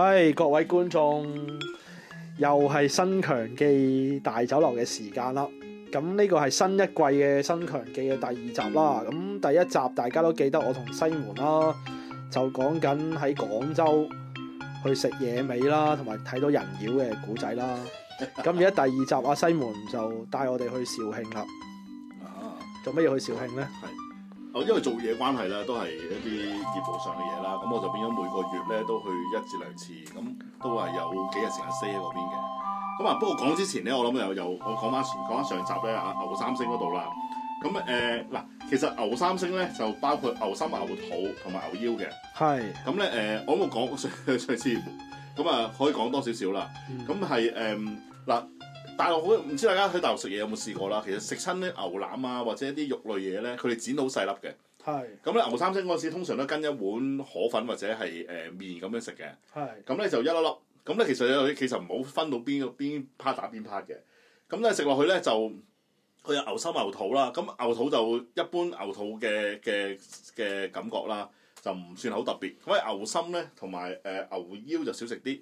唉、哎，各位觀眾，又係《新強記大酒樓》嘅時間啦。咁呢個係新一季嘅《新強記》嘅第二集啦。咁第一集大家都記得我同西門啦，就講緊喺廣州去食野味啦，同埋睇到人妖嘅古仔啦。咁而家第二集阿西門就帶我哋去肇慶啦。做咩要去肇慶呢？ 哦，因為做嘢關係啦，都係一啲業務上嘅嘢啦，咁我就變咗每個月咧都去一至兩次，咁都係有幾日時間 stay 喺嗰邊嘅。咁啊，不過講之前咧，我諗又又我講翻講翻上集咧啊，牛三星嗰度啦。咁誒嗱，其實牛三星咧就包括牛心、牛肚同埋牛腰嘅。係是。咁咧誒，我冇講上次。咁啊，可以講多少少、嗯呃、啦。咁係誒嗱。但我大，大陸好唔知大家喺大陸食嘢有冇試過啦？其實食親啲牛腩啊，或者一啲肉類嘢咧，佢哋剪到好細粒嘅。係是。咁咧、嗯、牛三星嗰陣時，通常都跟一碗河粉或者係誒、呃、麵咁樣食嘅。係是。咁咧、嗯、就一粒粒，咁、嗯、咧其實咧其實唔好分到邊個邊 part 打邊 part 嘅。咁咧食落去咧就佢有牛心牛肚啦。咁牛肚就一般牛肚嘅嘅嘅感覺啦，就唔算好特別。咁啊牛心咧同埋誒牛腰就少食啲。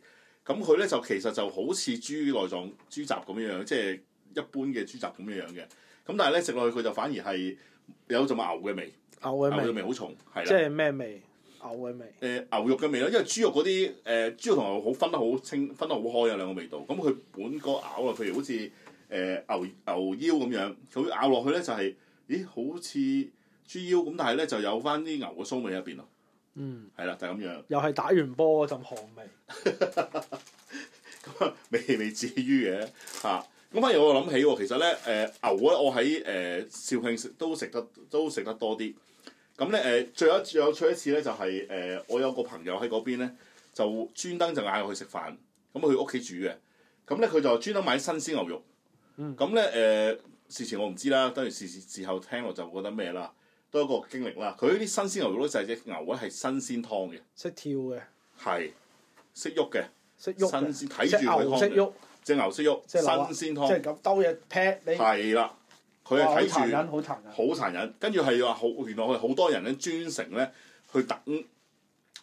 咁佢咧就其實就好似豬內臟豬雜咁樣樣，即係一般嘅豬雜咁樣樣嘅。咁但係咧食落去佢就反而係有種牛嘅味，味，味，味，牛嘅味好重，係啦。即係咩味？牛嘅味。誒，牛肉嘅味咯，因為豬肉嗰啲誒豬肉同牛肉好分得好清，分得好開兩個味道。咁、嗯、佢本個咬啊，譬如好似誒、呃、牛牛腰咁樣，佢咬落去咧就係、是，咦，好似豬腰咁，但係咧就有翻啲牛嘅臊味喺入邊咯。嗯，係啦，就係、是、咁樣。又係打完波嗰陣汗味，咁啊未未至於嘅吓，咁、啊、反而我諗起喎，其實咧誒牛咧，我喺誒肇慶食都食得都食得多啲。咁咧誒，最一最有趣一次咧就係、是、誒、呃，我有個朋友喺嗰邊咧，就專登就嗌我去食飯。咁佢屋企煮嘅，咁咧佢就專登買新鮮牛肉。嗯，咁咧誒事前我唔知啦，等住事事後聽我就覺得咩啦。都一個經歷啦，佢呢啲新鮮牛肉咧就係隻牛咧係新鮮湯嘅，識跳嘅，係識喐嘅，識喐，新鮮睇住佢湯，隻牛識喐，隻牛識喐，新鮮湯，即係咁兜嘢劈你，係啦，佢係睇住，好殘忍，好殘忍，跟住係話好，原來佢好多人咧專程咧去等。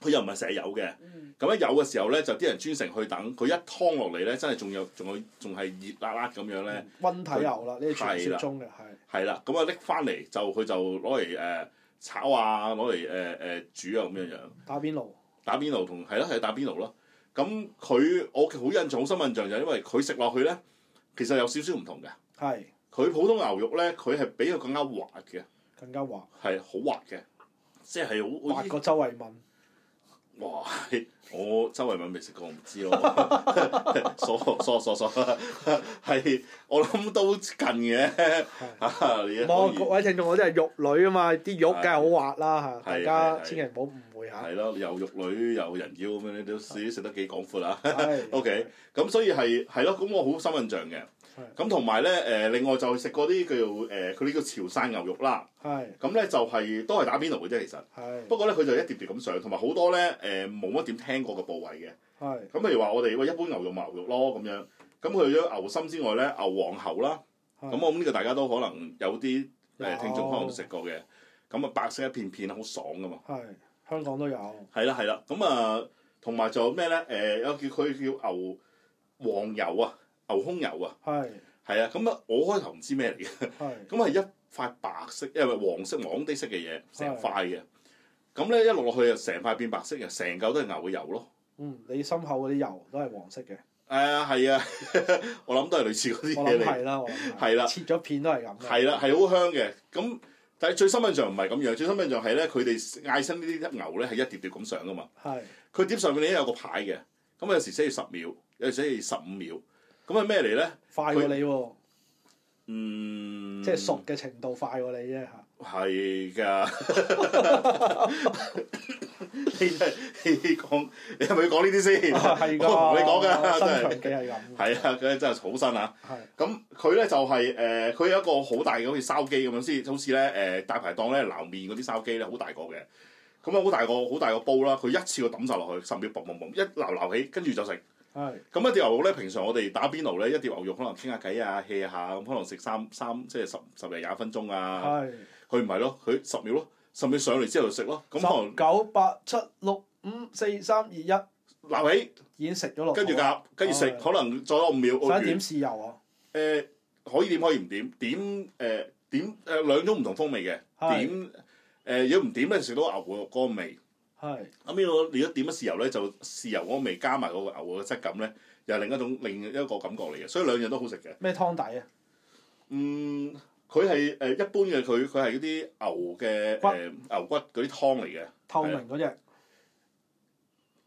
佢又唔係成日有嘅，咁一、嗯、有嘅時候咧，就啲人專程去等佢一湯落嚟咧，真係仲有仲係仲係熱辣辣咁樣咧。溫、嗯、體牛啦，呢啲長雪中嘅係係啦，咁啊拎翻嚟就佢就攞嚟誒炒啊，攞嚟誒誒煮啊咁樣樣。打邊爐，打邊爐同係咯係打邊爐咯。咁佢我好印象好深印象就因為佢食落去咧，其實有少少唔同嘅。係佢普通牛肉咧，佢係比佢更加滑嘅，更加滑係好、就是、滑嘅，即係好滑過周慧敏。哇！我周圍咪未食過， 我唔知咯。傻傻傻傻，係我諗都近嘅。嚇各是 以位聽眾我都係肉類啊嘛，啲肉梗係好滑啦嚇。是大家千祈唔好誤會嚇。係咯，又肉類又人妖咁樣，你都食得幾廣闊啦？OK，咁的所以係係咯，咁我好深印象嘅。咁同埋咧，誒、呃、另外就食嗰啲叫誒佢呢個潮汕牛肉啦。係是。咁咧就係、是、都係打邊爐嘅啫，其實。係是。不過咧，佢就一碟碟咁上，同埋好多咧誒冇乜點聽過嘅部位嘅。係是。咁譬如話，我哋喂一般牛肉、牛肉咯咁樣。咁佢咗牛心之外咧，牛黃喉啦。咁我諗呢個大家都可能有啲誒聽眾可能都食過嘅。咁啊有、嗯，白色一片片，好爽㗎嘛。係。香港都有。係啦，係啦，咁啊，同埋就咩咧？誒有，有，有、呃呃、有叫佢叫，叫牛黃油啊。牛胸油啊，係是，係啊，咁啊，我開頭唔知咩嚟嘅，咁啊，一塊白色，因為黃色、黃黃啲色嘅嘢，成塊嘅，咁咧是一落落去啊，成塊變白色嘅，成嚿都係牛嘅油咯。嗯，你心口嗰啲油都係黃色嘅。誒 啊，係啊，我諗都係類似嗰啲嘢嚟。我係啦，我係啦、 啊，切咗片都係咁。係啦、啊，係好香嘅。咁但係最深印象唔係咁樣，最深印象係咧，佢哋嗌親呢啲牛咧係一碟碟咁上噶嘛。係是。佢碟上面咧有個牌嘅，咁有時寫住十秒，有時寫住十五秒。咁係咩嚟咧？快過你喎，嗯，即係熟嘅程度快過你啫嚇。係㗎，你你講，你係咪要講呢啲先？係㗎，我同你講嘅，真係新強記係咁。係啊，佢真係好新啊！係。咁佢咧就係誒，佢有一個好大嘅，好似燒雞咁樣先，好似咧誒大排檔咧撈麵嗰啲燒雞咧，好大個嘅。咁啊，好大個好大個煲啦，佢一次過抌晒落去，甚至於嘣一撈撈起，跟住就食。係咁是一碟牛肉咧，平常我哋打邊爐咧，一碟牛肉可能傾下偈啊，hea 下咁，可能食三三即係十十零廿分鐘啊。係佢唔係咯，佢十秒咯，甚至上嚟之後就食咯。咁可能九八七六五四三二一鬧起已經食咗咯。跟住夾，跟住食，是可能再有五秒。我想點豉軟油啊？誒、呃，可以點可以唔點？點誒、呃、點誒、呃呃呃、兩種唔同風味嘅是點誒、呃？如果唔點咧，食到牛肉，肉乾味。咁呢個如果點咗豉油咧，就豉油嗰味加埋個牛嘅質感咧，又係另一種另一個感覺嚟嘅，所以兩樣都好食嘅。咩湯底啊？嗯，佢係誒一般嘅，佢佢係嗰啲牛嘅誒牛骨嗰啲湯嚟嘅，透明嗰隻。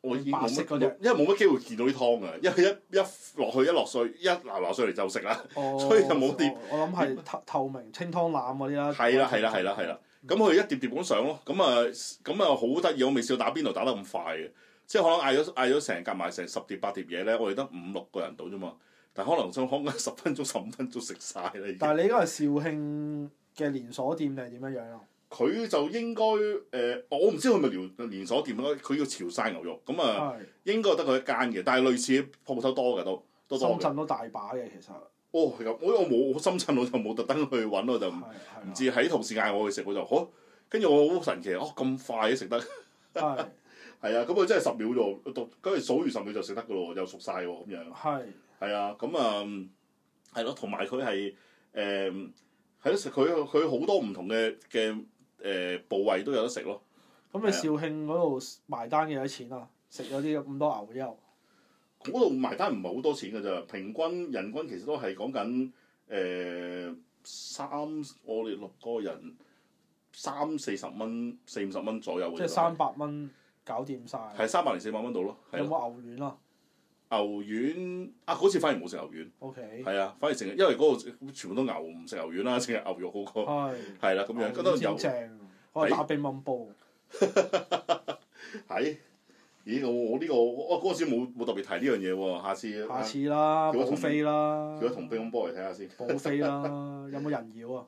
我已經白色嗰隻，因為冇乜機會見到啲湯啊，因為佢一一落去一落水，一瀨瀨水嚟就食啦，所以就冇掂。我諗係透透明清湯腩嗰啲啦。係啦，係啦，係啦，係啦。咁佢、嗯、一碟碟本上咯，咁啊咁啊好得意，我未試過打邊爐打得咁快嘅，即係可能嗌咗嗌咗成夾埋成十碟八碟嘢咧，我哋得五六個人到啫嘛，但可能想可能十分鐘十五分鐘食晒啦。但係你依家係肇慶嘅連鎖店定係點樣、呃、是是樣啊？佢就是應該誒，我唔知佢咪連連鎖店咯，佢叫潮汕牛肉，咁啊應該得佢一間嘅，但係類似鋪頭多嘅都都多嘅。深圳都大把嘅其實。哦，咁，我因為我冇深圳，我就冇特登去揾我，的我，我就，唔知喺同事嗌我去食，我就好，跟住我好神奇，哦咁快都、啊、食得，係 啊的，咁佢真係十秒啫喎，跟住數完十秒就食得噶咯喎，又熟晒喎咁樣，係、嗯，係啊，咁啊，係、呃、咯，同埋佢係誒，喺食佢佢好多唔同嘅嘅誒部位都有得食咯。咁你肇慶嗰度埋單幾多錢啊？食咗啲咁多牛優。嗰度埋單唔係好多錢㗎咋，平均人均其實都係講緊誒三，我哋六個人三四十蚊、四五十蚊左右嘅。即係三百蚊搞掂晒，係三百零四百蚊到咯。300，有冇牛丸啊？牛丸啊！嗰次反而冇食牛丸。O K。係啊，反而成日因為嗰度全部都牛，唔食牛丸啦，成日牛肉好、那、過、個。係的。係啦，咁樣嗰度丸有，正，正，正。我係的打乒乓波。係。 咦，我呢個，我嗰陣時冇冇特別提呢樣嘢喎，下次下次啦，叫佢飛啦，叫同兵咁波嚟睇下先，冇飛啦，有冇人妖啊？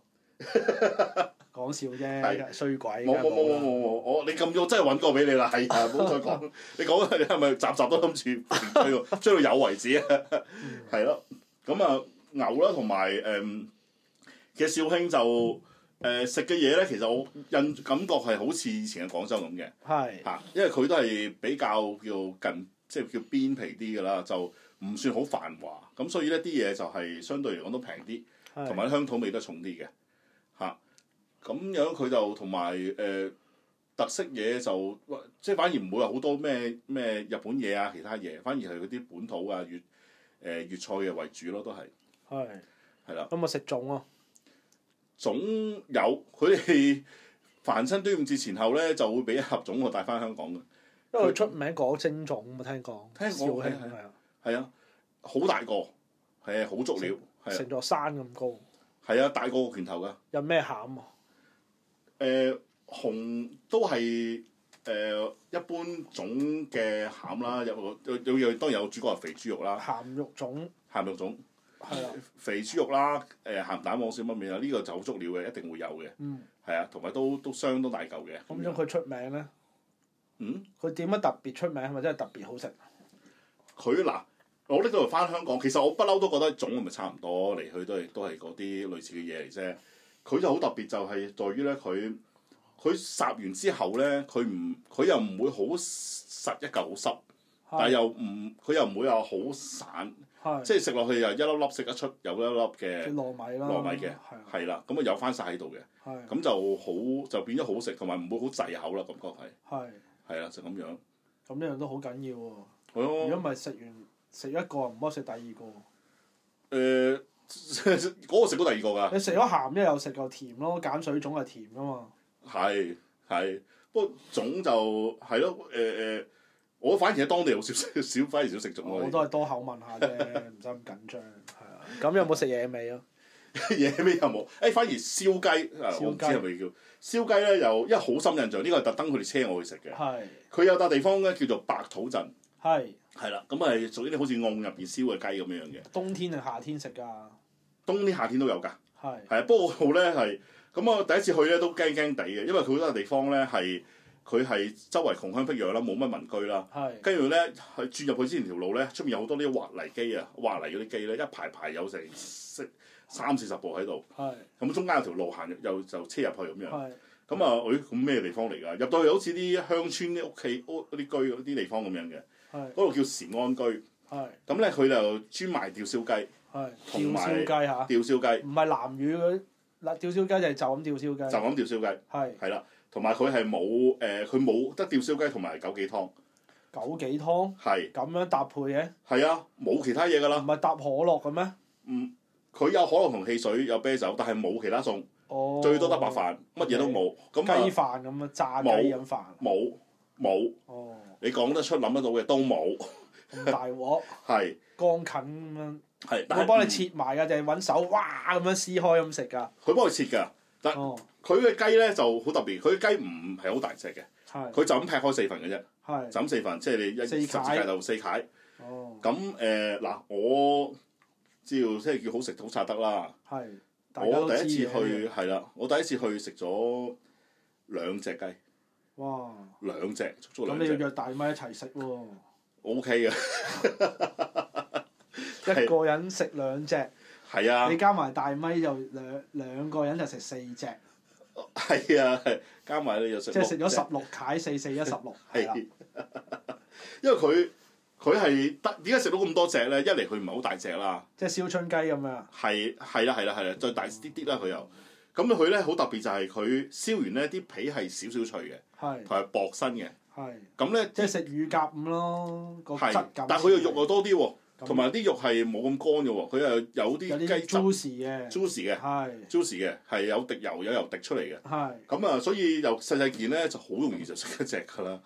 講笑啫，衰鬼，冇冇冇冇冇冇，我你咁，我真係揾個俾你啦，係啊，唔好再講，你講係咪集集都咁次，追到追到有為止啊，係咯，咁啊牛啦，同埋誒，其實肇慶就。誒，食嘅嘢咧，其實我印感覺係好似以前嘅廣州咁嘅，嚇是，因為佢都係比較叫近，即係叫邊皮啲嘅啦，就唔算好繁華，咁所以呢啲嘢就係相對嚟講都平啲，同埋是香土味都重啲嘅，嚇、啊。咁樣佢就同埋誒特色嘢就，即、呃、係、就是、反而唔會話好多咩咩日本嘢啊，其他嘢，反而係嗰啲本土啊，粵誒粵菜嘅為主咯，都係，係是，係啦是。咁啊食粽啊！是總有佢哋凡親端午節前後咧，就會俾一盒粽我帶翻香港嘅。因為佢出名裹蒸粽嘛，聽講肇慶係啊，好、啊啊、大個，係啊，好足料，係成座、啊、山咁高，係啊，大過個拳頭㗎。有咩餡啊？誒、呃，紅都係誒、呃、一般粽嘅餡啦，有有有當然有主角係肥豬肉啦，鹹肉粽，鹹肉粽。係啊，是肥豬肉啦，誒鹹蛋黃少不免啦，呢、這個就好足料嘅，一定會有嘅。嗯，嗯，係啊，同埋都都相當都大嚿嘅。咁樣佢出名咧？嗯。佢點樣特別出名？係咪真係特別好食？佢嗱，我呢度嚟翻香港，其實我不嬲都覺得種係咪差唔多嚟去都係都係嗰啲類似嘅嘢嚟啫。佢就好特別就係在於咧，佢佢烚完之後咧，佢唔佢又唔會好實一嚿好濕，但係又唔佢又唔會有好散。即係食落去又一粒粒食得出，有一粒嘅糯米啦，糯米嘅係啦，咁啊有翻晒喺度嘅，咁就好就變咗好食，同埋唔會好滯口啦，感覺係係係啊，就咁樣咁呢樣都好緊要喎。如果唔係食完食一個唔可以食第二個。誒，嗰個食到第二個㗎。你食咗鹹，一又食個甜咯，鹼水粽係甜㗎嘛。係係，不過粽就係咯，誒誒。我反而喺當地好少少，反而少食咗。我都係多口問下啫，唔使咁緊張。係啊，咁有冇食野味咯？ 野味又冇，誒、哎，反而燒雞，燒雞啊，我唔知係咪叫燒雞咧？又因為好深印象，呢、這個係特登佢哋車我去食嘅。係的。佢有笪地方咧，叫做白土鎮。係的。係啦，咁啊屬於啲好似甕入邊燒嘅雞咁樣嘅。冬天定夏天食㗎？冬天夏天都有㗎。係的。係啊，不過好咧係，咁我第一次去咧都驚驚地嘅，因為佢嗰笪地方咧係。佢係周圍窮鄉僻壤啦，冇乜民居啦。係是。跟住咧，佢轉入去之前條路咧，出面有好多啲挖泥機啊，挖泥嗰啲機咧，一排排有成三三四十部喺度。係是。咁中間有條路行入，又就車入去咁樣。係是。咁啊，誒、哎，咁咩地方嚟㗎？入到去好似啲鄉村啲屋企屋嗰啲居嗰啲地方咁樣嘅。係是。嗰度叫時安居。係是。咁咧，佢就專賣吊燒雞。係是。吊燒雞嚇。吊燒雞。唔、啊、係南乳嗰吊燒雞，就係、是、就咁吊燒雞。就咁吊燒雞。係。係啦。同埋佢係冇誒，佢冇得吊燒雞同埋枸杞湯。枸杞湯。係。咁樣搭配嘅。係啊，冇其他嘢噶啦。唔係搭可樂嘅咩？唔，佢有可樂同汽水，有啤酒，但係冇其他餸。哦。最多得白飯，乜嘢都冇。咁啊。雞飯咁樣，炸雞飯。冇。冇。哦。你講得出諗得到嘅都冇。咁大鑊。係。鋼琴咁樣。係。但係佢幫你切埋噶，定係揾手哇咁樣撕開咁食噶？佢幫你切㗎。得。哦。佢嘅雞咧就好特別，佢嘅雞唔係好大隻嘅，佢就咁劈開四份嘅啫，就咁四份，即係你一十字就四塊。咁誒嗱，我知道即係叫好食好擦得啦。我第一次去係啦，我第一次去食咗兩隻雞。哇！兩隻，咁你要約大咪一齊食喎。O K 啊，一個人食兩隻，係啊，你加埋大咪就兩兩個人就食四隻。係啊， 加埋你又食、就是，即係食咗十六契四四一十六，係啦。因為佢佢係得點解食到咁多隻咧？一嚟佢唔係好大隻啦，即係燒春雞咁樣。係係啦係啦係啦，再大啲啲啦佢又。咁佢咧好特別就係佢燒完咧啲皮係少少脆嘅，係同埋薄身嘅。係咁咧，即係食乳鴿咁咯，個質感，是但佢又肉又的多啲喎、啊。同埋啲肉係冇咁乾嘅喎，佢又有啲雞汁嘅，juice 嘅，係 juice 嘅，係有滴油有油滴出嚟嘅。係咁啊，所以又細細件咧，就好容易就食一隻㗎啦。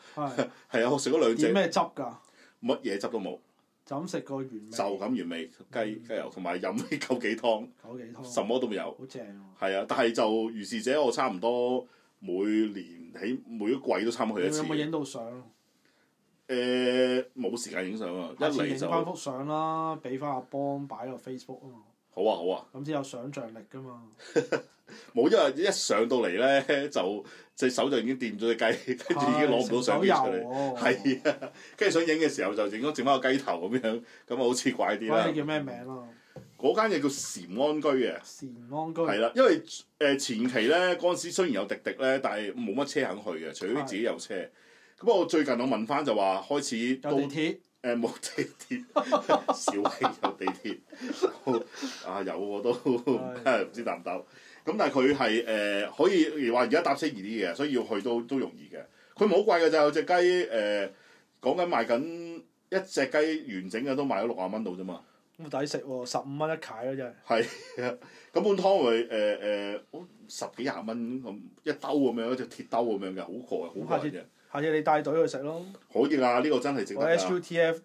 係啊，我食咗兩隻。點咩汁㗎？乜嘢汁都冇。就咁食個原味。就咁原味，雞雞油同埋飲啲枸杞湯。枸杞湯。什麼都冇。好正喎。係啊，但係就如是者，我差唔多每年喺每一季都差唔多去一次。你有冇影到相？誒冇、欸、時間影相啊！下次 一嚟就拍翻幅相啦，俾翻阿邦擺落 Facebook 啊嘛。好啊好啊。咁先有想像力噶嘛。冇， 因為一上到嚟咧，就隻手就已經掂咗隻雞，跟住是已經攞唔到相機出嚟。係啊，跟住、啊、想影嘅時候就影咗剩翻個雞頭咁樣，咁啊好似怪啲啦。嗰間叫咩名啊？嗰、啊、間嘢叫禪安居啊。禪安居。係啦、啊，因為誒前期咧嗰陣時雖然有滴滴咧，但係冇乜車肯去嘅，除非自己有車。咁我最近我問翻就話開始有地鐵，誒冇地鐵，小啲有地鐵，啊有啊我都唔知搭唔搭。咁、哎、呀但係佢係誒可以，而話而家搭輕易啲嘅，所以要去都都容易嘅。佢唔好貴㗎就有隻雞誒講緊賣緊一隻雞完整嘅都賣咗六十蚊度啫嘛。冇抵食喎，十五蚊一攤咯，真係。係啊，咁碗湯咪誒誒十幾廿蚊咁一兜咁樣一隻鐵兜咁樣嘅，好貴好貴嘅。下次你帶隊去食咯，可以啊！呢、呢個真係值得 SUTF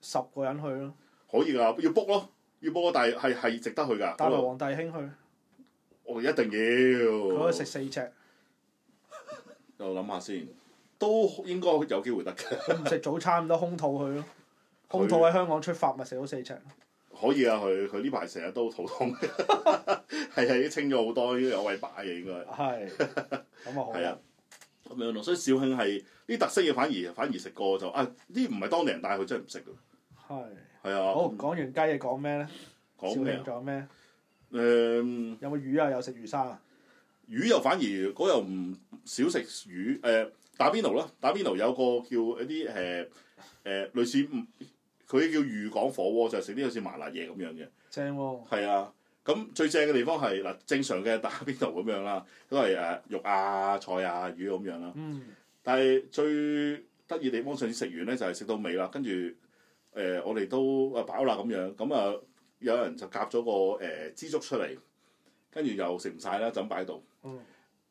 十個人去咯，可以啊！要 book 咯，要 book，但係，係係值得去㗎。帶埋黃大興去，我、哦、一定要。佢可以食四隻。 我諗下先，都應該有機會得嘅。佢唔食早餐咁多，空肚去咯，他空肚喺香港出發咪食咗四隻。可以 啊，佢佢呢排成日都肚痛，係啊，啲清咗好多，啲有位擺嘅應該。係。咁啊好啊。咁樣咯，所以肇慶係啲特色嘢，反而反而食過就啊，啲唔係當地人，但佢真係唔食嘅。係是。係啊。好，講那完雞，講咩咧？講咩啊？仲有咩、嗯？誒。有冇魚啊？有食魚生啊？魚又反而嗰又唔少食魚。誒、呃，打邊爐啦，打邊爐有個叫一啲誒誒類似，佢叫漁港火鍋，就係食啲好似麻辣嘢咁樣嘅。正喎、哦。係啊。咁最正嘅地方係嗱正常嘅打邊爐咁樣啦，都係誒肉啊、菜啊、魚咁樣啦。嗯。但係最得意地方上次食完咧就係、是、食到尾啦，跟住誒我哋都啊飽啦咁樣，咁啊有人就夾咗個誒枝竹出嚟，跟住又食唔晒啦，就咁擺喺度。嗯。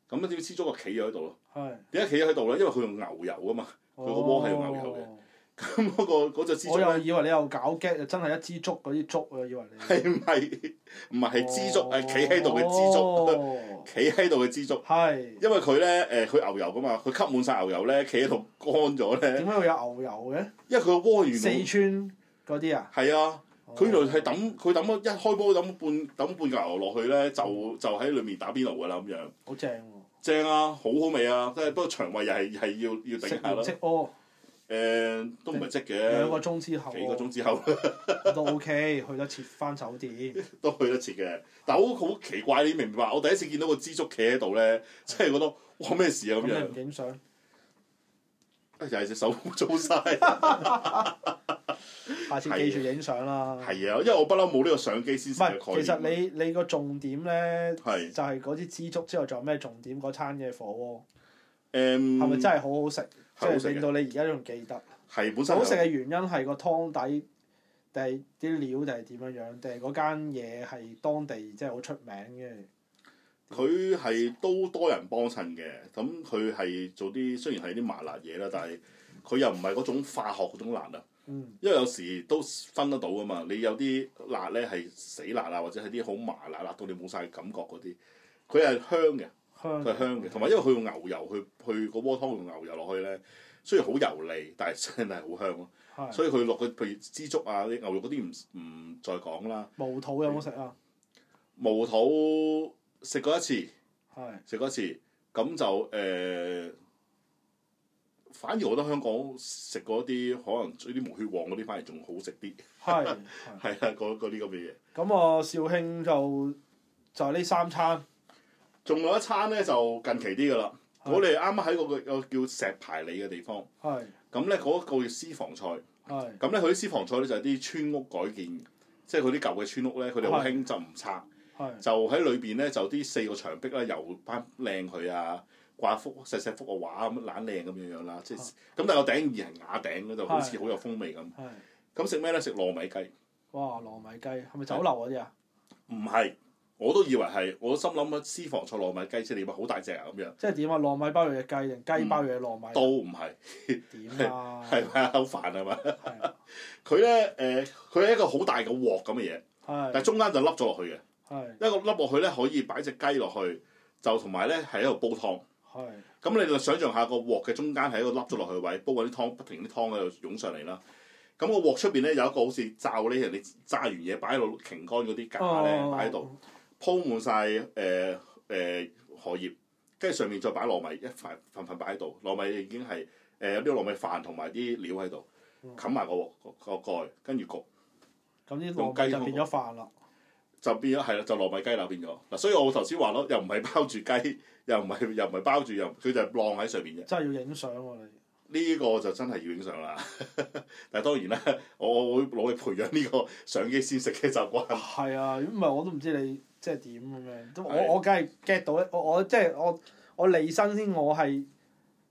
咁點知枝竹個企喺度咯？係。點解企喺度咧？因為佢用牛油噶嘛，佢個鍋係用牛油嘅。哦。咁嗰、 嗰個支隻竹，我又以為你又搞 g e 真係一支竹嗰啲竹啊！以為你係唔係唔係支竹？係企喺度嘅支竹，企喺度嘅支竹，係。是因為佢咧誒，佢、呃、牛油噶嘛，佢吸滿晒牛油咧，企喺度乾咗咧。點解會有牛油嘅？因為佢個窩原來。四川嗰啲啊？係啊、哦，佢原來係抌佢抌一開煲，抌半抌半牛落去咧，就就喺裡面打邊爐㗎啦咁樣。好正喎！正啊，好好味啊，即係不過腸胃又係係要要頂下咯。食誒、嗯、都唔係即嘅，兩個鐘之後，幾個鐘之後都 OK， 去得切翻酒店。 都去得切嘅， 但係好好奇怪你明唔明白？我第一次見到個支竹企喺度咧，即係 覺得哇咩事啊咁樣、嗯。你唔影相？又係隻手污糟晒， 下次記住影相啦。係啊，因為我不嬲冇呢個相機先。其實你你個重點咧，就係嗰啲支竹之外，仲有咩重點？嗰餐嘅火鍋，誒、嗯，係咪真係好好食？即係令到你而家都仲記得。係本身好食嘅原因係個湯底定係啲料定係點樣樣？定係嗰間嘢係當地即係好出名嘅？佢係都多人幫襯嘅，咁佢係做啲雖然係啲麻辣嘢啦，但係佢又唔係嗰種化學嗰種辣啊。嗯。因為有時都分得到噶嘛，你有啲辣咧係死辣啊，或者係啲好麻辣辣到你冇晒感覺嗰啲，佢係香嘅。佢香嘅，同埋呵因為佢用牛油，佢佢個鍋湯用牛油落去咧，雖然好油膩，但係真係好香咯。是所以佢落去，譬如支竹啊、啲牛肉嗰啲唔唔再講啦。毛肚有冇食啊？毛肚食過一次，是食過一次，咁、嗯、是就誒、呃，反而我覺得香港食過啲可能啲毛血旺嗰啲反而仲好食啲。係係係啊，嗰嗰啲咁嘅嘢。咁我肇慶就就係呢三餐。仲有一餐咧就近期啲噶啦，我哋啱啱喺嗰個叫石牌里嘅地方，咁咧嗰個私房菜，咁咧佢啲私房菜咧就係啲村屋改建，即係佢啲舊嘅村屋咧，佢哋好興就唔拆是的，就喺裏邊咧就啲四個牆壁咧油翻靚佢啊，掛幅細細幅嘅畫咁懶靚咁樣樣啦，即係咁。是的 但係個頂而係瓦頂嗰度，就好似好有風味咁。咁食咩咧？食糯米雞。哇！糯米雞係咪酒樓嗰啲啊？唔係。我都以為係，我都心諗啊，私房菜糯米雞即你咪好大隻啊咁樣。即係點啊？糯米包住隻雞定雞包住隻糯米？嗯、都唔係。點啊？係咪好煩啊嘛？佢咧誒，佢、呃、係一個好大嘅鑊咁嘅嘢。啊、但係中間就凹咗落去嘅。啊、一個凹落去咧，可以擺隻雞落去，就同埋咧係喺度煲湯。係、啊。咁你就想像下個鑊嘅中間係一個凹咗落去嘅位，煲緊啲湯，不停啲湯喺度湧上嚟啦。咁、那個鑊出邊咧有一個好似罩咧，你哋揸完嘢擺喺度擎乾嗰啲架咧擺喺度。鋪滿晒誒誒荷葉，跟住上面再擺糯米一塊，份份擺喺度。糯米已經係誒、呃、有啲糯米飯同埋啲料喺度，冚埋個鍋、個蓋，跟住焗。咁啲糯米就變咗飯啦，就變咗係啦，就糯米雞就變咗嗱。所以我頭先話咯，又唔係包住雞，又唔係又唔係包住，又佢就晾喺上面嘅。真係要影相喎！你呢個就真係要影相啦。 但係當然啦，我會努力培養呢個相機先食嘅習慣。係啊，如果唔係我都唔知你。即係點咁樣？都我我梗係 get 到，我我即係我我離身先。我係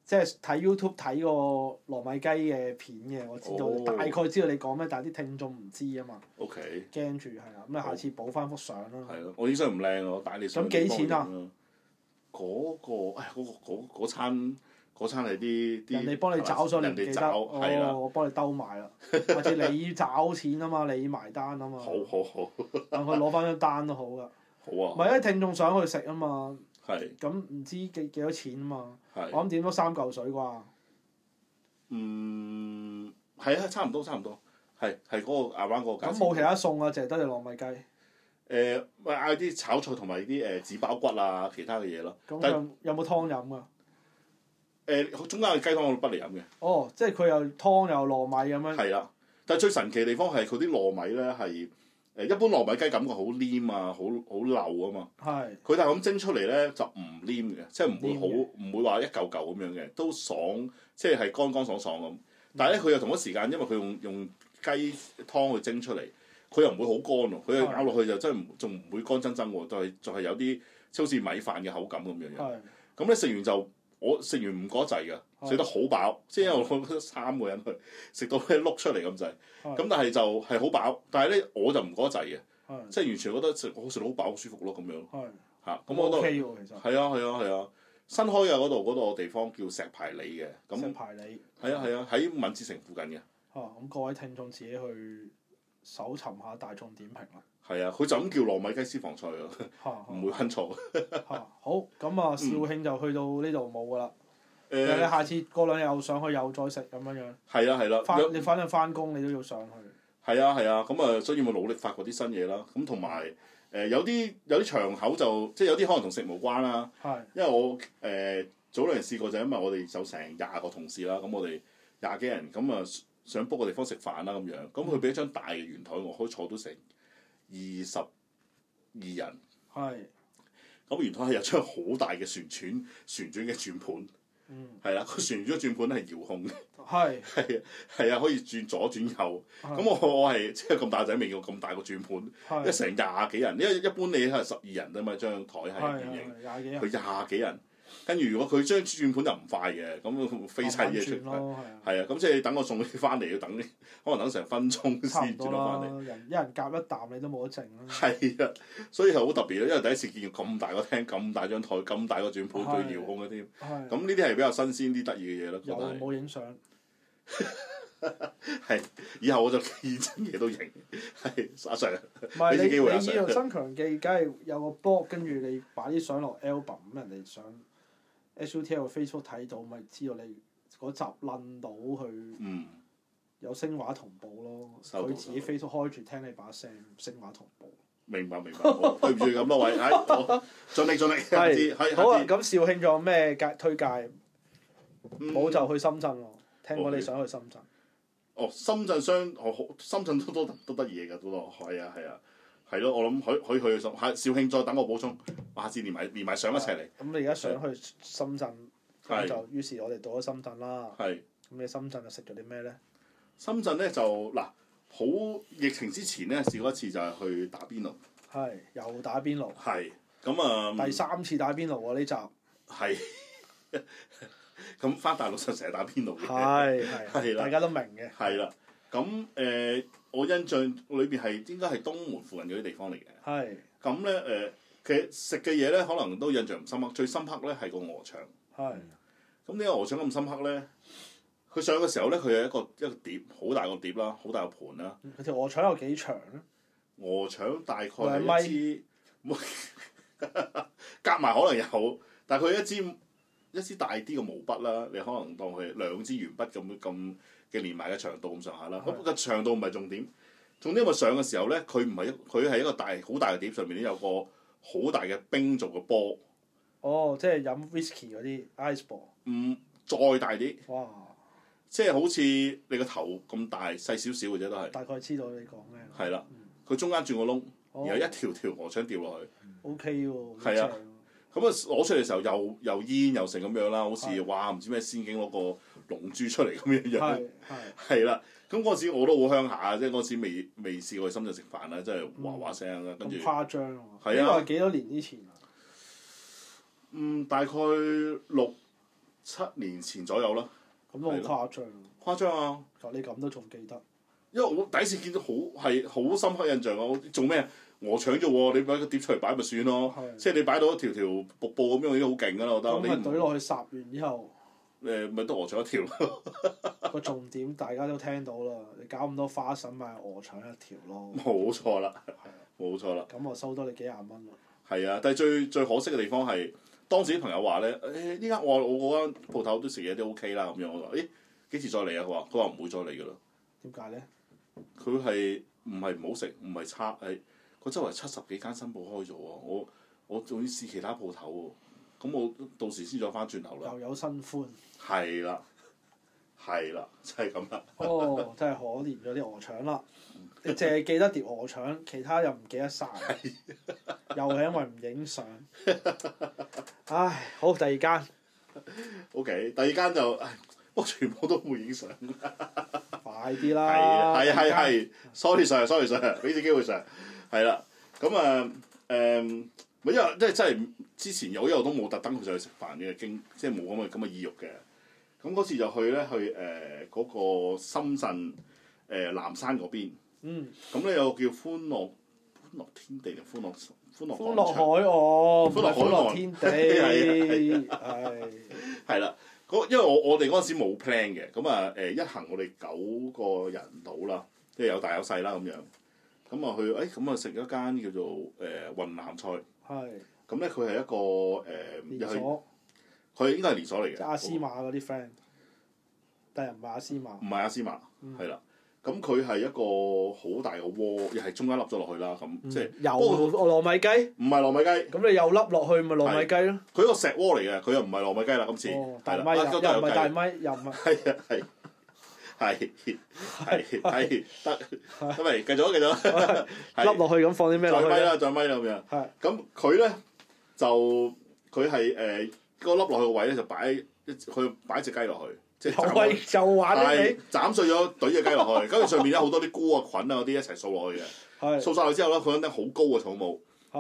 即係睇 YouTube 睇個糯米雞嘅片嘅，我知道大概知道你講咩，但係啲聽眾唔知啊嘛。O K。驚住係啊！咁你下次補翻幅相啦。係咯，我啲相唔靚喎，帶你上去咁幾錢啊？嗰個誒嗰個嗰餐嗰餐係啲人哋幫你找咗，你唔記得係啊，我幫你兜埋啦。或者你找錢啊嘛，你埋單啊嘛。好好好。等佢攞翻張單都好噶。唔係啲聽眾想去食啊嘛，咁唔是、嗯、知幾幾多錢啊嘛，是我諗點都三嚿水啩。嗯，係啊，差唔多，差唔多，係係嗰個亞灣嗰個價錢。咁冇其他餸啊，淨係得隻糯米雞。誒、呃，咪嗌啲炒菜同埋啲誒紙包骨啊，其他嘅嘢咯。嗯、但有冇湯飲啊？誒、呃，中間嘅雞湯我都不嚟飲嘅。哦，即係佢又湯又糯米咁樣。係啦、啊，但係最神奇地方係佢啲糯米咧係。一般糯米雞感覺好黏啊，好好漏啊嘛。係是。佢就咁蒸出嚟咧，就唔黏嘅，即係唔會好，唔的會話一嚿嚿咁樣嘅，都爽，即係係乾乾爽爽咁。但係咧，佢又同一時間，因為佢用用雞湯去蒸出嚟，佢又唔會好乾喎，佢咬落去就真係仲唔會乾爭爭喎，都係仲有啲好似米飯嘅口感咁樣樣。係是。咁咧食完就～我食完唔覺得滯嘅，食得好飽，即係的我覺得三個人去食到咩碌出嚟咁滯，咁的但係就係好飽。但係咧，我就唔覺得滯嘅，的即係完全覺得食我食到好飽好舒服咯咁樣。係嚇，咁我都係啊係啊係啊，新開嘅嗰度嗰個地方叫石牌里嘅，咁石牌里？係啊係啊喺敏捷城附近嘅。嚇！咁各位聽眾自己去。搜尋下大眾點評啊，係啊，佢就咁叫糯米雞私房菜啊，唔會揾錯。好咁啊！肇慶就去到呢度冇噶啦，誒，你下次過兩日又上去又再食咁樣樣。係啊，係啦。你反正翻工你都要上去。係啊，係啊，咁啊，所以要努力發掘啲新嘢啦。咁同埋誒有啲有啲場口就即係有啲可能同食無關啦。係。因為我誒早兩日試過就因為我哋就成廿個同事啦，咁我哋廿幾人咁啊。想 book 個地方食飯啦咁樣，咁佢俾張大嘅圓台，我可以坐到成二十二人。係是。咁圓台係有張好大嘅旋轉、旋轉嘅轉盤。嗯。係啦，個旋轉轉盤係遙控嘅。係是。係啊，係啊，可以轉左轉右。咁是我我係即係咁大仔未用咁大個轉盤，一成廿幾人。因為一般你係十二人吖嘛，張台係圓形，佢廿幾人。跟住如果佢張轉盤就唔快嘅，咁飛晒嘢出嚟，係啊，咁即係等我送啲翻嚟要等，可能等成分鐘先轉到翻嚟。人一人夾一啖，你都冇得剩。啦。係啊，所以係好特別咯，因為第一次見咁大個廳、咁大張台、咁大個轉盤對、啊、遙控嗰啲。係、啊。咁呢啲係比較新鮮啲得意嘅嘢咯。有冇影相？係， 以後我就見啲嘢都影。係 阿 Sir。唔係你你新強記，梗係有個波，跟住你擺啲相落 album，咁人哋想，SUTL 嘅 Facebook 睇到，咪知道你嗰集撚到佢有聲畫同步咯。佢到自己 Facebook 開住聽你把聲，聲畫同步。明白明白，明白對唔住咁啊， 位，好，盡力盡力。好次啊，咁肇慶仲有咩介推介？冇、嗯、就去深圳喎，聽講你想去深圳。哦，深圳商好、哦，深圳都都都得嘢嘅都，係啊係啊。係咯，我諗可可以去咗肇肇慶，慶再等我補充，下次連埋連埋相一齊嚟。咁你而家想去深圳，咁的就於是我哋到咗深圳啦。係的。咁你深圳就食咗啲咩咧？深圳咧就嗱，好、啊、疫情之前咧試過一次就係去打邊爐。係。又打邊爐。係。咁、嗯、啊。第三次打邊爐喎呢集。係。咁返大陸就成日打邊爐嘅。係係。大家都明嘅。係啦。咁誒、呃，我印象裏邊係應該係東門附近嗰啲地方嚟嘅。係是。咁咧誒，其實食嘅嘢咧，可能都印象唔深刻。最深刻咧係個鵝腸。係是。咁點解鵝腸咁深刻咧？佢上嘅時候咧，佢有一個一個碟，好大個碟啦，好大個盤啦。嗯、條鵝腸有幾長咧？鵝腸大概一支，夾埋 可能有，大概一支，一支大啲嘅毛筆啦。你可能當佢兩支鉛筆咁咁。嘅連埋嘅長度咁上下啦，咁個是的 長度唔係重點，重點因為上嘅時候咧，佢唔係一，佢係一個大好大嘅碟上面咧，有個好大嘅冰做嘅波。哦，即係飲 whisky 嗰啲 ice ball。唔、嗯、再大啲。哇！即係好似你個頭咁大，細少少嘅啫都係。大概知道你講咩？係啦的，佢、嗯、中間轉個窿，然後一條條鵝腸掉落去。O K 喎。係啊、okay 哦，咁啊攞出嚟嘅時候又又煙又成咁樣啦，好似的哇唔知咩仙境攞、那個。龍珠出嚟咁樣樣，係係啦。咁嗰陣時我都好鄉下，即係嗰陣時未未試過去深圳食飯啦，真係話話聲啦。咁、嗯、著誇張喎、啊！呢個係幾多年之前啊？嗯，大概六七年前左右啦。咁都好誇張啊！的誇張啊！你咁都仲記得？因為我第一次見到好係好深刻印象啊！做咩？我搶咗喎，你擺個碟出嚟擺咪算咯。的即係你擺到一條條瀑布咁樣，已經好勁噶啦！我覺得。你咪懟落去烚完之後，誒咪都鵝腸一條，個 重點大家都聽到啦。你搞咁多花生咪鵝腸一條咯。冇錯啦，冇、嗯、錯啦。咁我收多你幾廿蚊喎。係啊，但係最最可惜嘅地方係當時啲朋友話咧，誒呢間我我嗰間鋪頭都食嘢都 OK 啦咁樣。我話誒幾時再嚟啊？佢話佢話唔會再嚟嘅咯。點解咧？佢係唔係唔好食？唔係差誒？佢、哎、周圍七十幾間新鋪開咗喎，我我仲要試其他鋪頭喎。咁我到時先再翻轉頭啦。又有新歡。係啦、啊，係啦、啊，啊 oh，就係咁啦。哦，真係可憐咗啲鵝腸啦！你淨係記得碟鵝腸，其他又唔記得晒，又係因為唔影相。唉、哎，好第二間。OK，第二間就，欸，我全部都冇影相。快啲啦！係係係，Sorry Sir，Sorry Sir，俾次機會上！Sir，係啦。咁啊，誒、嗯。唔係因為即係真係之前有，因為我都冇特登去就去食飯嘅經，即係冇咁嘅咁嘅意欲嘅。咁嗰次就去咧去誒嗰、呃那個深圳誒南、呃、山嗰邊。嗯。咁咧有個叫歡樂歡樂天地嘅歡樂歡樂。歡樂海岸。歡樂天地。係。 係啦的的，因為我我哋嗰陣時冇 plan 嘅，咁啊誒一行我哋九個人到啦，即係有大有細啦咁樣。咁啊去誒咁啊食咗一間叫做誒、呃、雲南菜。係，咁咧佢係一個誒，佢應該係連鎖嚟嘅。阿斯馬嗰啲 friend，但係唔係阿斯馬。唔係阿斯馬，係啦。咁佢係一個好大嘅窩，又係中間凹咗落去啦。咁即係。又。菠蘿糯米雞？唔係糯米雞。咁你又粒落去咪糯米雞咯？佢一個石窩嚟嘅，佢又唔係糯米雞啦。今次。大米又唔係大米，又唔係。係啊，係。係係係得得咪？繼續啊繼續啊，凹落去咁放啲咩？再咪啦再咪啦咁樣。咁佢咧就佢係誒個凹落去嘅位咧就擺一佢擺隻雞落去，即係就話就話啲你斬碎咗懟隻雞落去，跟住上面咧好多啲菇啊菌啊嗰啲一齊掃落去嘅， 掃晒落之後咧佢嗰啲好高嘅草帽。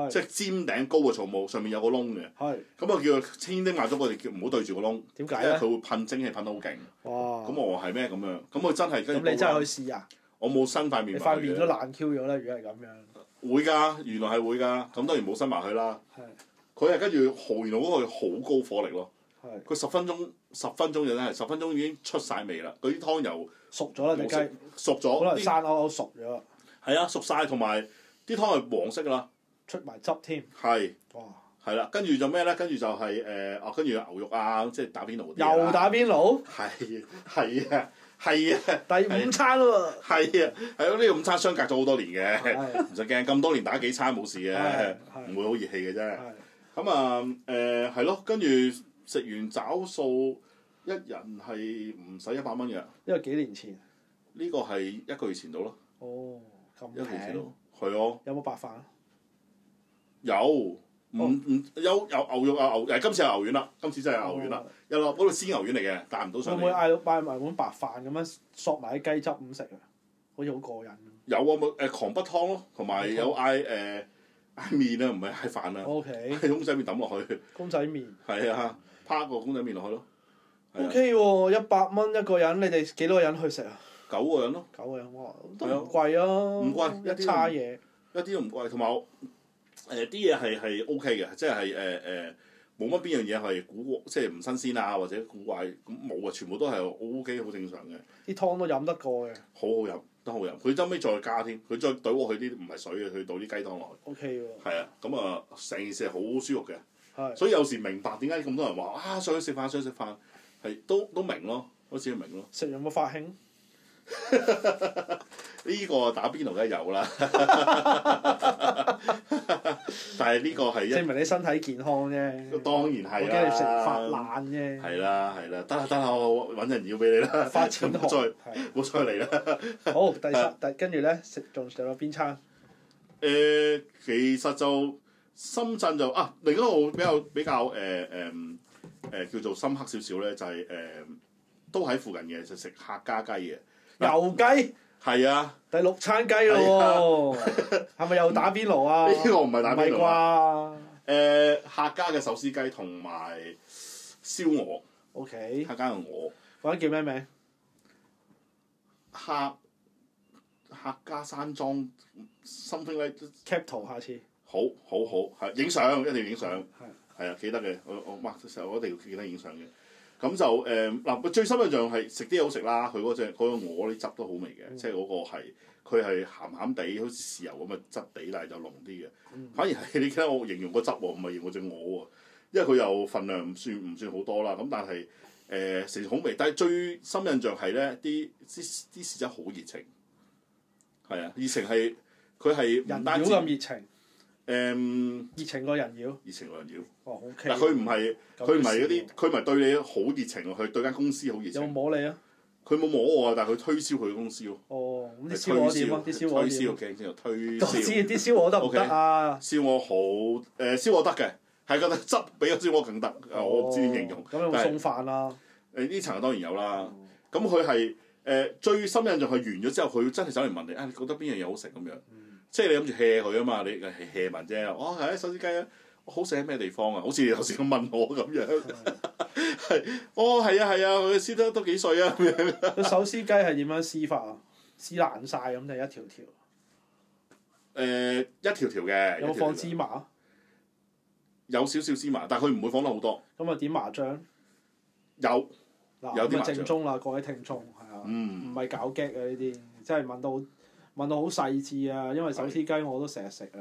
即係尖頂高嘅草帽，上面有個窿嘅。咁啊，叫佢千叮萬囑，我哋叫唔好對住個窿。點解咧？佢會噴蒸氣噴得好勁。哇！咁我係咩咁樣？咁我真係跟咁你真係去試啊！我冇伸塊面。你塊面都爛 Q 咗啦！如果係咁樣。會㗎，原來係會㗎。咁當然冇伸埋佢啦。佢係跟住，原來嗰個好高火力咯。佢十分鐘，十分鐘就咧，係十分鐘已經出晒味啦。嗰啲湯又熟咗啦，定係熟咗？可能生鈎都熟咗。係啊，熟晒，同埋啲湯係黃色㗎啦。出埋汁添，係，哇，係啦，跟住就咩咧？跟住就係誒，哦，跟住牛肉啊，即係打邊爐又打邊爐，係，係啊，係啊，第五餐咯，係啊，係咯，呢個午餐相隔咗好多年嘅，唔使驚，咁多年打幾餐冇事嘅，唔會好熱氣嘅啫。咁啊，誒係咯，跟住食完找數，一人係唔使一百蚊嘅，因為幾年前，呢個係一個月前到咯，哦，咁平，係咯，有冇白飯有，唔唔有有牛肉啊牛，誒今次有牛丸啦，今次真係牛丸啦，哦、有落嗰度鮮牛丸嚟嘅，帶唔到上嚟。有冇嗌嗌埋碗白飯咁樣嗦埋啲雞汁咁食啊？好似好過癮。有啊，咪、嗯、狂骨湯咯，同埋有嗌誒嗌麵啊，唔係嗌飯啊。O okay , K。公仔麵抌落去。公仔麵。係啊，趴個公仔麵落去咯。O K 一百蚊一個人，你哋幾多人、啊、個人去食啊？九個人咯。九個人哇，都唔貴啊。唔貴，一餐嘢。一啲都唔貴，同埋誒啲嘢係係 O K 嘅，即係誒誒冇乜邊樣嘢係古即係唔新鮮啊，或者古怪咁，冇啊，全部都係 O K 好正常嘅。啲湯都飲得過嘅。好好飲，都好飲。佢後尾再加添，佢再倒落去啲唔係水嘅，佢倒啲雞湯落去。O K 喎。係啊，咁啊，成件事係好舒服嘅。係。所以有時明白點解咁多人話啊想去食飯想去食飯，係都都明咯，好似明咯。食有冇發興？呢 個打邊爐梗係有啦，但係呢個係證明你身體健康啫。當然係啦，食發冷啫。係啦係啦，得啦得啦，我揾陣料俾你啦，唔好再唔的再嚟啦。的 好，第十第跟住咧食仲仲有邊餐？誒、呃，其實就深圳就啊，另一個比較比較誒誒誒叫做深刻少少咧，就係、是、誒、呃、都喺附近嘅就食、是、客家雞嘅。油雞係啊，第六餐雞咯喎，係咪又打邊爐啊？呢個唔係打邊爐啊！誒、啊呃，客家嘅手撕雞同埋燒鵝。O K。客家嘅鵝。或者叫咩名？客客家山莊。Something like Capital，下次。好好好，係影相，一定要影相。係的。係啊，記得嘅，我我 mark 住時候，我一定要記得影相嘅。咁就誒嗱、呃，最深印象係食啲嘢好食啦。佢嗰隻嗰個鵝啲汁都好味嘅，嗯、即係嗰個係佢係鹹鹹地，好似豉油咁嘅質地，但係就濃啲嘅。嗯、反而係你睇我形容個汁喎、啊，唔係形容隻鵝喎、啊，因為佢又份量唔算唔算好多啦。咁但係誒、呃、食好味，但係最深印象係咧啲啲啲侍者好熱情，係啊熱情係佢係唔單止咁熱情。誒熱情過人妖，熱情過人妖。哦，好勁！但佢唔係佢唔係啲，佢唔係對你好熱情，佢對間公司好熱情。有冇摸你啊？佢冇摸我，啊，但係佢推銷佢嘅公司咯。哦，啲燒鵝點啊？啲燒鵝點？推銷，推銷。咁燒啲燒鵝得唔得啊？燒鵝好誒，燒鵝得嘅，係覺得汁比個燒鵝更得。我唔知點形容。咁有冇送飯啦，誒呢層當然有啦。咁佢係誒最深印象係完咗之後，佢真係走嚟問你啊，你覺得邊樣嘢好食咁樣。即係你諗住 hea 佢啊嘛，你 hea 文啫。哇、哦，係手撕雞啊，雞好食喺咩地方啊？好似有時咁問我咁樣。係的，我係啊係啊，佢撕、啊、得都幾歲啊咁 樣。手撕雞係點樣撕法啊？撕爛晒咁就一條條。誒、呃，一條條嘅。有冇放芝麻條條？有少少芝麻，但係佢唔會放得好多。咁啊，點麻醬？有。嗱，有啲正宗啦，各位聽眾，係啊，唔係、嗯、搞激啊呢啲，即係問到。問到好細緻啊，因為手撕雞我都成日食啊，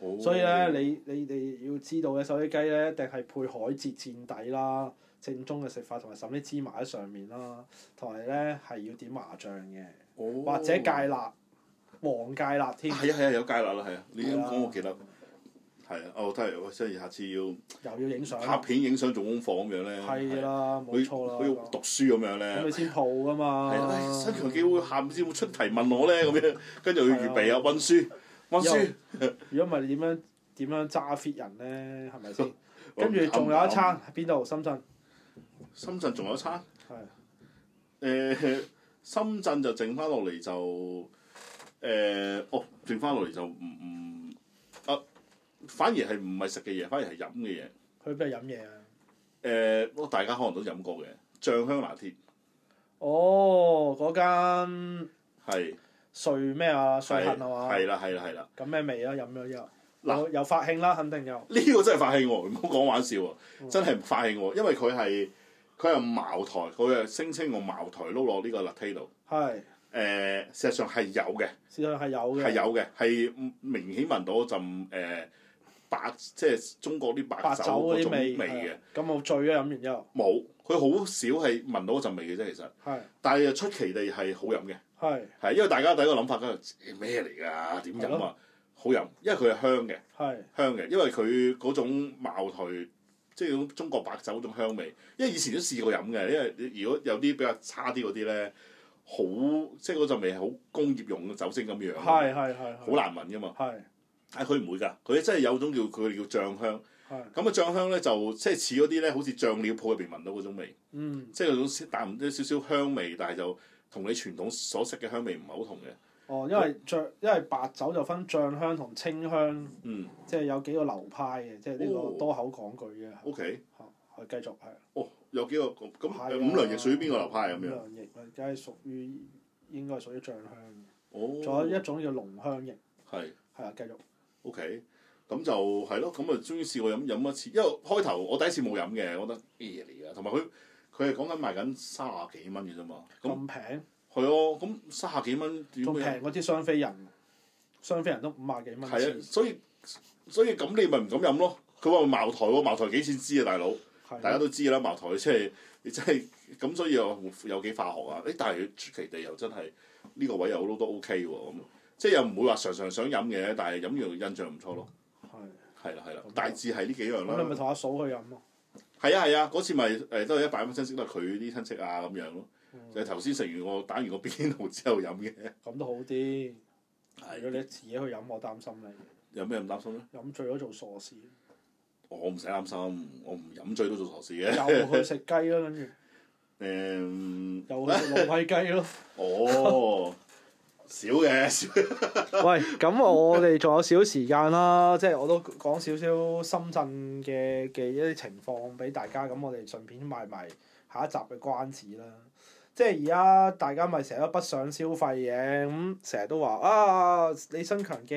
哦、所以咧你你哋要知道嘅手撕雞咧一定係配海蜇墊底啦，正宗嘅食法同埋滲啲芝麻喺上面啦，同埋咧係要點麻醬嘅，哦、或者芥辣，黃芥辣添。係啊係啊，啊，有芥辣啦係啊，啦你咁講我記得。係啊！我睇嚟，我真係下次要又要影相，拍片、影相、做功課咁樣咧。係啦，冇錯啦。好似讀書咁樣咧。咁你先鋪噶嘛？係啦。新強機會，下先會出題問我咧咁樣，跟住要預備啊，温書温書。如果唔係你點樣點樣揸 fit 人咧？係咪先？跟住仲有一餐喺邊度？深圳。深圳仲有一餐？係。誒，深圳就整翻落嚟就誒，哦，整翻落嚟就唔唔。反而係唔係食嘅嘢，反而係飲嘅嘢。佢邊係飲嘢啊？誒、呃，大家可能都飲過嘅醬香拿鐵。哦，嗰間係瑞咩啊？瑞幸係嘛？係啦，係啦，係啦。咁咩味啊？飲咗之後，嗱又發興啦，肯定又呢個真係發興喎！唔好講玩笑喎，真係唔發興喎，因為佢係佢係茅台，佢係聲稱用茅台撈落呢個辣梯度。係是。誒、呃，事實上係有嘅。事實上係有嘅。係有嘅，係明顯聞到浸。陣、呃白即係中國啲白酒嗰種味嘅、嗯，咁有冇醉啊，飲完之後？冇，佢好少係聞到嗰陣味嘅啫，其實。係是。但係又出奇地係好飲嘅。係是。係因為大家第一個諗法咧、就是，咩嚟㗎？點飲啊？的好飲，因為佢係香嘅。係是。香嘅，因為佢嗰種茅台，即係種中國白酒嗰種香味。因為以前都試過飲嘅，因為如果有啲比較差啲嗰啲咧，好即係嗰陣味係好工業用嘅酒精咁樣。係係係。好難聞㗎嘛。係的。佢唔會㗎，佢真係有種叫佢哋叫醬香，咁嘅醬香咧就即係似嗰啲咧，好似醬料鋪入邊聞到嗰種味，即係嗰種淡少少香味，但係就同你傳統所食嘅香味唔係好同嘅。哦，因為醬，因為白酒就分醬香同清香，即係有幾個流派嘅，即係呢個多口講句嘅。O K，係繼續係。哦，有幾個咁咁？五糧液屬於邊個流派咁樣？五糧液梗係屬於應該係屬於醬香哦，仲有一種叫濃香型，係係啊，繼續。O K，咁就係咯，咁啊終於試過飲飲一次，因為開頭我第一次冇飲嘅，我覺得咩嚟噶？同埋佢佢係講緊賣緊三十幾蚊嘅啫嘛，咁平係啊，咁三十幾蚊仲平過啲雙飛人，雙飛人都五十幾蚊。係啊，所以所以咁你咪唔敢飲咯。佢話茅台喎，茅台幾錢支啊，大佬？係啊，大家都知啦，茅台即係，你真係咁，所以有有幾化學啊？誒，但係佢出奇地又真係呢個位又好都多 O K 喎咁。即係又唔會話常常想飲嘅，但係飲完印象唔錯咯。係係啦係啦，大致係呢幾樣啦。你咪同阿嫂去飲咯。係啊係啊，嗰次咪誒都係一百蚊親戚啦，都係佢啲親戚啊咁樣咯。嗯、就頭先食完我打完個邊爐之後飲嘅。咁都好啲。係如果你自己去飲，我擔心你。的有咩唔擔心咧？飲醉咗做傻事。我唔使擔心，我唔飲醉都做傻事嘅。 又去食雞啦，跟住。誒、嗯。又去食老鶴雞咯。 哦。少嘅，少。 喂，咁我哋仲有少少時間啦，即係我都講少少深圳嘅嘅一啲情況俾大家。咁我哋順便賣埋，埋，埋下一集嘅關子啦。即係而家大家咪成日都不想消費嘅，咁成日都話啊，你新強記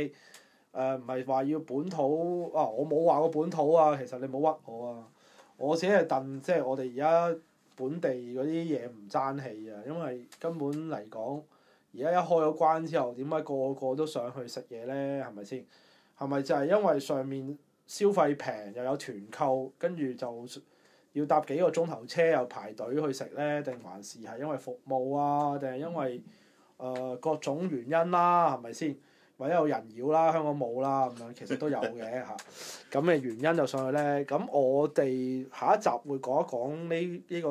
誒唔係話要本土啊？我冇話過本土啊，其實你冇屈我啊。我只係鄧即係我哋而家本地嗰啲嘢唔爭氣啊，因為根本嚟講。而家一開咗關之後，點解個個個都想去食嘢呢？係咪先？係咪就係因為上面消費平又有團購，跟住就要搭幾個鐘頭車又排隊去食呢？定還是係因為服務啊？定係因為誒、呃、各種原因啦、啊？係咪先？或者有人妖啦，香港冇啦咁樣，其實都有嘅嚇。咁嘅 原因就上去咧。咁我哋下一集會講一講呢呢、呢個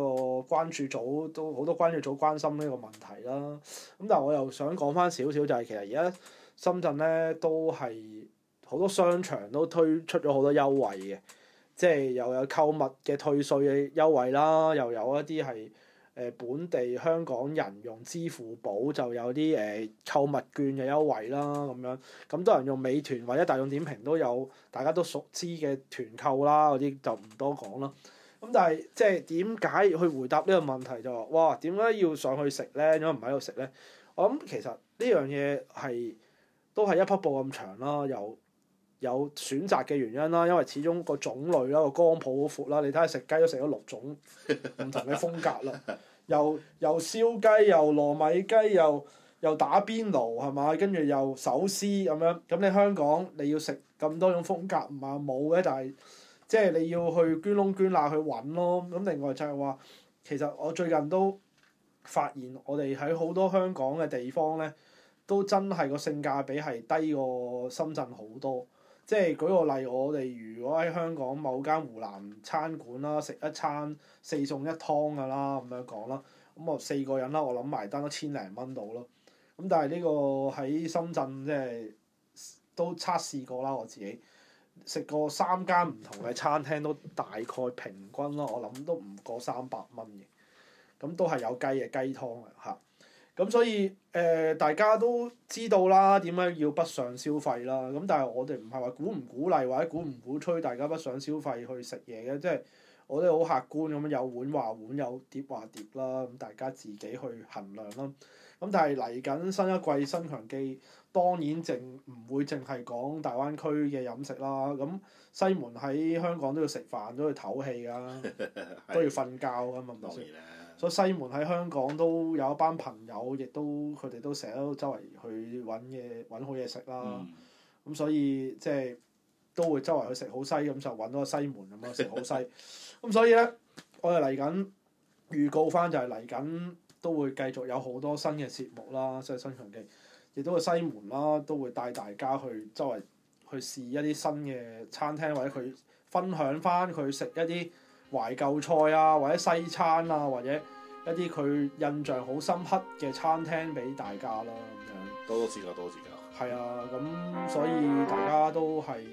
關注組都好多關注組關心呢個問題啦。咁但係我又想講翻少少，就係其實而家深圳咧都係好多商場都推出咗好多優惠嘅，即係又有購物嘅退稅嘅優惠啦，又有一啲係。誒本地香港人用支付寶就有啲誒、呃、購物券嘅優惠啦，咁樣咁多人用美團或者大眾點評都有，大家都熟知嘅團購啦，嗰啲就唔多講啦。咁但係即係點解去回答呢個問題就話、是、哇，點解要上去食咧？點解唔喺度食咧？我諗其實呢樣嘢係都係一匹布咁長啦，又。有選擇嘅原因啦，因為始終個種類啦，個光譜好闊啦。 你睇下食雞都食咗六種唔同嘅風格啦， 又又燒雞又糯米雞又又打邊爐係咪？跟住又手撕咁樣。咁你香港你要食咁多種風格，唔係冇嘅，但係即係你要去捐窿捐罅去揾咯。咁另外就係話，其實我最近都發現我哋喺好多香港嘅地方呢，都真係個性價比係低過深圳好多。即係舉個例，我哋如果喺香港某間湖南餐館啦，食一餐四餸一湯㗎啦，咁樣講啦，咁、嗯、我四個人啦，我諗埋單都一千零蚊到咯。咁但係呢個喺深圳即係都測試過啦，我自己食過三間唔同嘅餐廳都大概平均啦。我諗都唔過三百蚊嘅。咁、嗯、都係有雞嘅雞湯嘅嚇。咁所以誒，大家都知道啦，點解要北上消費啦？咁但係我哋唔係話鼓唔鼓勵或者鼓唔鼓吹大家北上消費去食嘢嘅，即係我哋好客觀咁樣有碗話碗，有碟話碟啦，咁大家自己去衡量啦。咁但係嚟緊新一季新強記，當然淨唔會淨係講大灣區嘅飲食啦。咁西門喺香港都要食飯，要 都要唞氣㗎，都要瞓覺㗎嘛。所以西門喺香港都有一班朋友，亦都佢哋都成日都周圍去揾嘢揾好嘢食啦。咁、嗯嗯、所以即係都會周圍去食好西，咁就揾到個西門咁樣食好西。咁、 嗯、所以呢，我哋嚟緊預告翻就係嚟緊都會繼續有好多新嘅節目啦，即係新強記，亦都係西門啦，都會帶大家去周圍去試一啲新嘅餐廳，或者佢分享翻佢食一啲。懷舊菜啊，或者西餐啊，或者一啲佢印象好深刻嘅餐廳俾大家啦，咁樣多多指教，多多指教。係啊，咁、啊、所以大家都係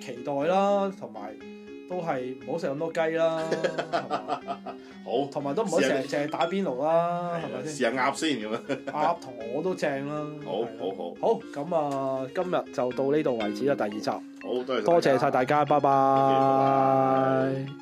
期待啦，同埋。都係唔好食咁多雞啦，係嘛？好。同埋都唔好成日淨係打邊爐啦，係咪先？試下鴨先咁樣，鴨同我都正啦。好好好，好咁啊，今日就到呢度為止啦，第二集。好，多謝晒大家，拜拜。